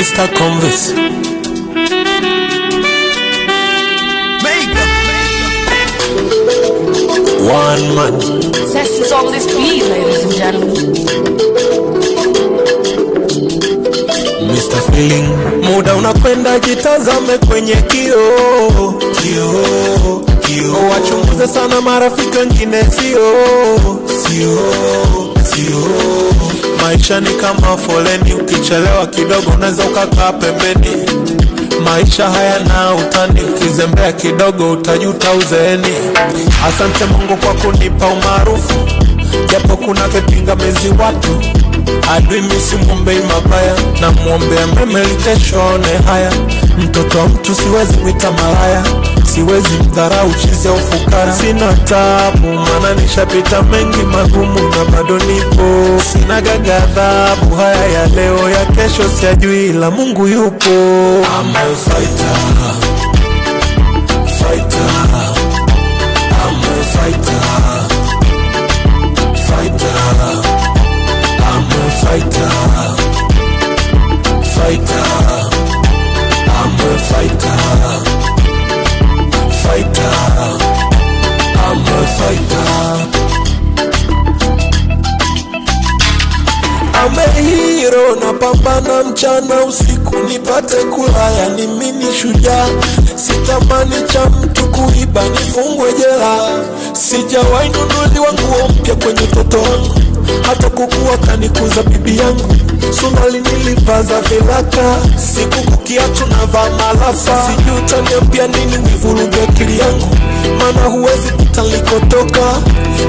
Mr. Converse. One man. Sex is all this beat, ladies and gentlemen. Mr. Feeling, muda unakwenda, jitazame kwenye kio. Kio. Kio. wachunguze sana marafiki wengine, sio maisha ni kama foleni, ukichelewa kidogo unaweza ukakaa pembeni. Maisha haya na utani, ukizembea kidogo utajuta uzeeni. Asante Mungu kwa kunipa umaarufu, japo kuna vipingamizi watu adui, mimi simwombei mabaya, namwombea mema liteshone haya. Mtoto wa mtu siwezi mwita malaya, siwezi mdharau chizi ya ufukara. Sina tabu, maana nishapita mengi magumu na bado ni ya ghadhabu, haya ya leo ya kesho siyajui, la Mungu yupo. Fighter. I'm a fighter. amehiro na pambana mchana usiku nipate kulaya. Ni mimi shujaa, sitamani cha mtu kuiba, nifungwe jela. Sijawahi nunuliwa nguo mpya kwenye toto wangu, hata kukuwa kanikuza bibi yangu sunali nilivaza vilaka siku kukia tunavaa malasa, sijuta niambia nini nivuruge akili yangu, maana huwezi unakotoka,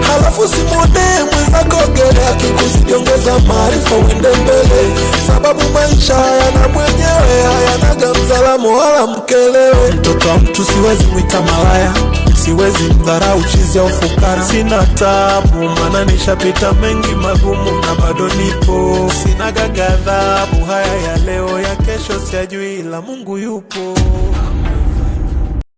halafu simwone mwenzako gere akikuzidiongeza maarifa uende mbele, sababu maisha yana mwenyewe, hayanaga mzalamo wala mkelewe. Mtoto wa mtu siwezi mwita malaya, siwezi mdharau chizi ya ufukara Sina tabu, mana nishapita mengi magumu na bado nipo. Sinaga ghadhabu, haya ya leo ya kesho siajui ila Mungu yupo.